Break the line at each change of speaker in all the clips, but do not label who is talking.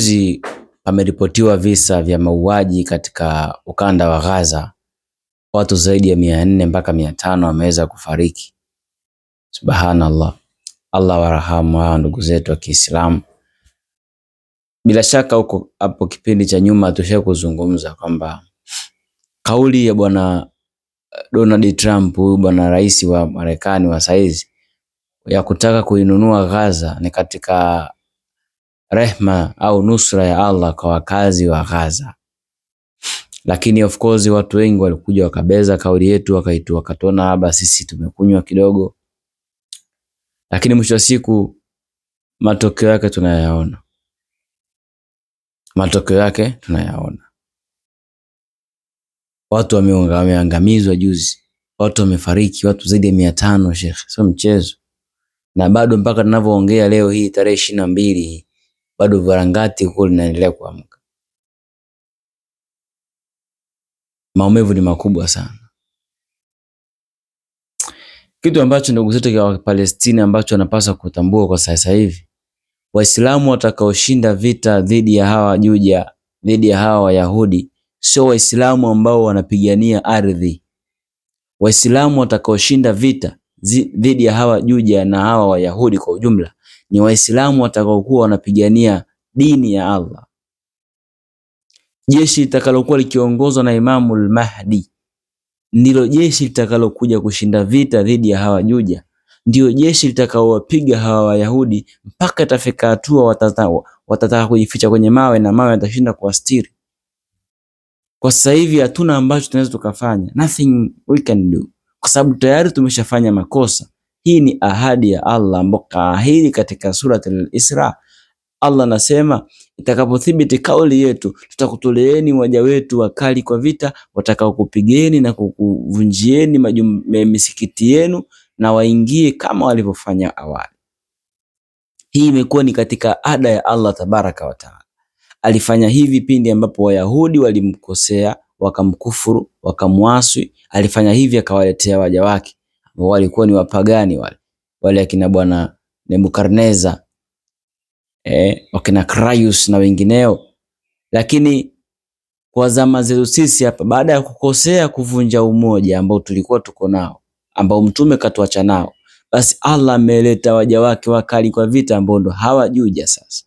Juzi pameripotiwa visa vya mauaji katika ukanda wa Gaza. Watu zaidi ya mia nne mpaka mia tano wameweza kufariki. Subhanallah, Allah warahamu hawa ndugu zetu wa Kiislamu. Bila shaka huko hapo kipindi cha nyuma tusha kuzungumza kwamba kauli ya bwana eh, Donald Trump, huyu bwana rais wa Marekani wa saizi, ya kutaka kuinunua Gaza ni katika rehma au nusra ya Allah kwa wakazi wa Gaza. Lakini of course watu wengi walikuja wakabeza kauli yetu, wakaitu wakatona haba sisi tumekunywa kidogo, lakini mwisho wa siku matokeo yake tunayaona, matokeo yake tunayaona. Watu wameangamizwa juzi, watu wamefariki, watu zaidi ya mia tano. Shekhe, sio mchezo, na bado mpaka tunavyoongea leo hii tarehe ishirini na mbili bado Varangati huko linaendelea kuamka. Maumivu ni makubwa sana, kitu ambacho ndugu zetu wa Palestina ambacho wanapaswa kutambua kwa sasa hivi, Waislamu watakaoshinda vita dhidi ya hawa Juja, dhidi ya hawa Wayahudi sio Waislamu ambao wanapigania ardhi. Waislamu watakaoshinda vita dhidi ya hawa Juja na hawa Wayahudi kwa ujumla ni Waislamu watakaokuwa wanapigania dini ya Allah. Jeshi litakalokuwa likiongozwa na al Mahdi ndilo jeshi litakalokuja kushinda vita dhidi ya hawa juja ndio jeshi litakaowapiga hawa Wayahudi mpaka itafika hatua watataka kujificha kwenye mawe na mawe yatashinda kuwastiri. Kwa sasa hivi hatuna ambacho tunaweza tukafanya, nothing we can do, kwa sababu tayari tumeshafanya makosa. Hii ni ahadi ya Allah ambayo kaahidi katika al Isra. Allah anasema itakapothibiti kauli yetu, tutakutoleeni waja wetu wakali kwa vita, watakaokupigeni na kukuvunjieni misikiti yenu na waingie kama walivyofanya awali. Hii imekuwa ni katika ada ya Allah tabaraka wa taala. Alifanya hivi pindi ambapo Wayahudi walimkosea, wakamkufuru, wakamwasi. Alifanya hivi akawaletea waja wake walikuwa ni wapagani wale wale akina bwana Nebukadneza eh, wakina Krayus na wengineo. Lakini kwa zama zetu sisi hapa, baada ya kukosea kuvunja umoja ambao tulikuwa tuko nao, ambao mtume katuacha nao, basi Allah ameleta waja wake wakali kwa vita ambao ndo hawajuja sasa,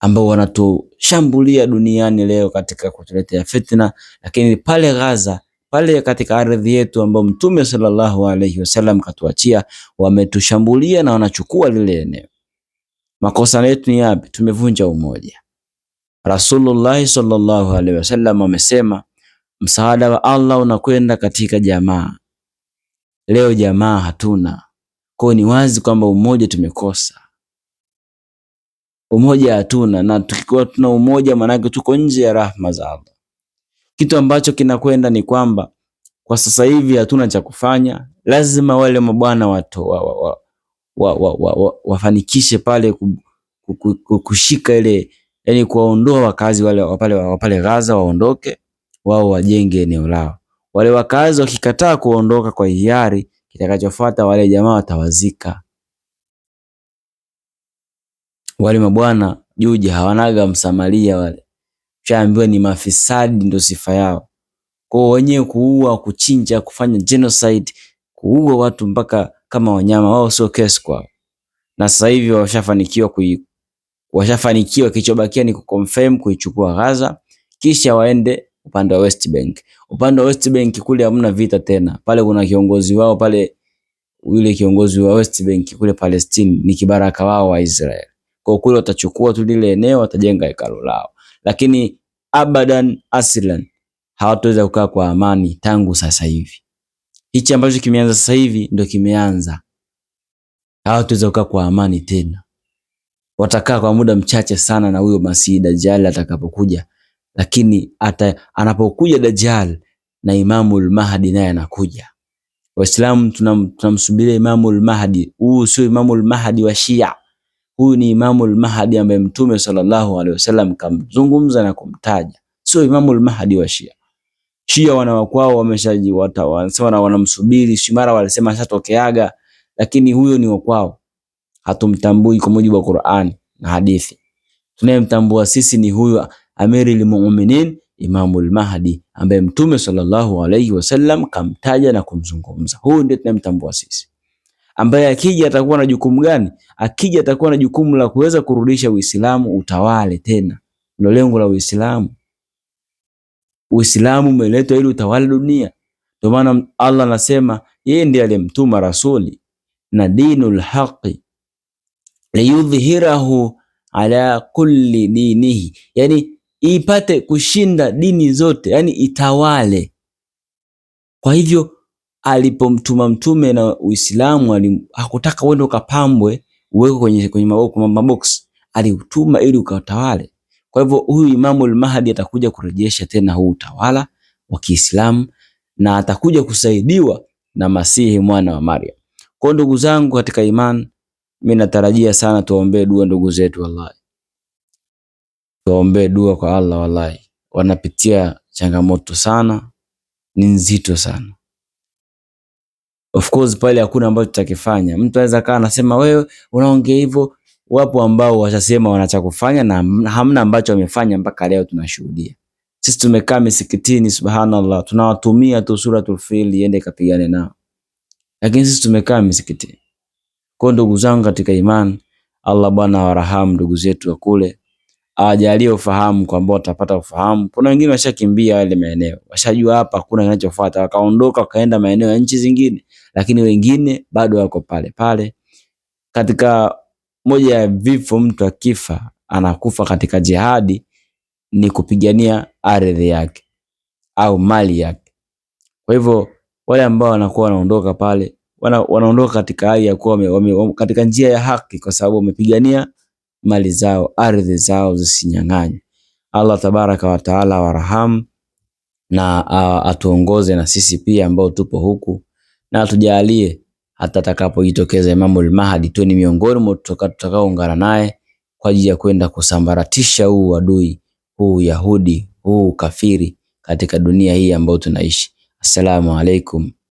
ambao wanatushambulia duniani leo katika kutuletea fitna, lakini pale Gaza pale katika ardhi yetu ambayo Mtume sallallahu alaihi wasallam katuachia, wametushambulia na wanachukua lile eneo. Makosa yetu ni yapi? Tumevunja umoja. Rasulullah sallallahu alaihi wasallam amesema msaada wa Allah unakwenda katika jamaa. Leo jamaa hatuna, kwa ni wazi kwamba umoja tumekosa umoja hatuna, na tukikuwa tuna umoja maanake tuko nje ya rahma za Allah. Kitu ambacho kinakwenda ni kwamba kwa sasa hivi hatuna cha kufanya, lazima wale mabwana wato, wa, wa, wa, wa, wa, wa, wafanikishe pale kushika ile, yani kuwaondoa wakazi wale wa pale Gaza waondoke, wao wajenge eneo lao. Wale wakazi wakikataa kuondoka kwa hiari, kitakachofuata wale jamaa watawazika. Wale mabwana Juja hawanaga msamaria wale Tushaambiwa ni mafisadi ndio sifa yao. Kwa hiyo wenyewe kuua, kuchinja, kufanya genocide, kuua watu mpaka kama wanyama wao sio kesi kwao. Na sasa hivi washafanikiwa kui washafanikiwa, kichobakia ni kuconfirm kuichukua Gaza kisha waende upande wa West Bank. Upande wa West Bank kule hamna vita tena. Pale kuna kiongozi wao pale, yule kiongozi wa West Bank kule Palestine ni kibaraka wao wa Israel. Kwa kule watachukua tu lile eneo, watajenga hekalu lao lakini abadan aslan hawataweza kukaa kwa amani tangu sasa hivi. Hichi ambacho kimeanza sasa hivi ndio kimeanza, hawataweza kukaa kwa amani tena, watakaa kwa muda mchache sana, na huyo Masihi Dajjal atakapokuja. Lakini ata, anapokuja Dajjal na Imamul Mahdi naye anakuja. Waislamu tunamsubiria tunam Imamul Mahdi. Huu sio Imamul Mahdi wa Shia Huyu ni Imamul Mahdi ambaye Mtume sallallahu alaihi wasallam kamzungumza na kumtaja, sio Imamul Mahdi wa Shia. Shia wana wakwao wameshaji wata wanasema na wanamsubiri, si mara walisema ashatokeaga, lakini huyo ni wakwao, hatumtambui kwa mujibu wa Qur'an na hadithi. Tunayemtambua sisi ni huyu Amirul Mu'minin Imamul Mahdi ambaye Mtume sallallahu alaihi wasallam kamtaja na kumzungumza. Huyu ndiye tunayemtambua sisi ambaye akija atakuwa na jukumu gani? Akija atakuwa na jukumu la kuweza kurudisha Uislamu utawale tena. Ndio lengo la Uislamu. Uislamu umeletwa ili utawale dunia. Ndio maana Allah anasema yeye ndiye aliyemtuma rasuli na dinul haqi liyudhhirahu ala kulli dinihi, yani ipate kushinda dini zote, yani itawale. Kwa hivyo alipomtuma mtume na Uislamu hakutaka uende ukapambwe uwekwe kwenye, kwenye mabox, aliutuma ili ukatawale. Kwa hivyo huyu al Mahdi atakuja kurejesha tena huu utawala wa Kiislamu na atakuja kusaidiwa na Masihi mwana wa Maryam. Kwa ndugu zangu katika imani, mimi natarajia sana tuombee dua ndugu zetu, wallahi tuombee dua kwa Allah, wallahi wanapitia changamoto sana, ni nzito sana. Of course pale hakuna ambacho tutakifanya. Mtu anaweza kaa anasema wewe unaongea hivyo. Wapo ambao washasema wanacha kufanya na hamna ambacho wamefanya mpaka leo tunashuhudia. Sisi tumekaa misikitini, subhanallah, tunawatumia tu Suratul Fil iende kapigane nao, lakini sisi tumekaa misikitini. Kwa ndugu zangu katika imani, Allah bwana warahamu ndugu zetu wa kule hawajalia ufahamu kwamba watapata ufahamu. Kuna wengine washakimbia wale maeneo, washajua hapa hakuna kinachofuata, wakaondoka wakaenda maeneo ya nchi zingine, lakini wengine bado wako pale pale. Katika moja ya vifo, mtu akifa anakufa katika jihadi, ni kupigania ardhi yake au mali yake. Kwa hivyo wale ambao wanakuwa wanaondoka pale wana, wanaondoka katika hali ya kuwa katika njia ya haki, kwa sababu wamepigania mali zao, ardhi zao zisinyang'anywe. Allah tabaraka wa taala warahamu na atuongoze na sisi pia ambao tupo huku na atujalie hata atakapojitokeza Imamul Mahdi tu ni miongoni mwa tutakaoungana naye kwa ajili ya kwenda kusambaratisha huu adui, huu Yahudi, huu kafiri katika dunia hii ambayo tunaishi. Assalamu alaikum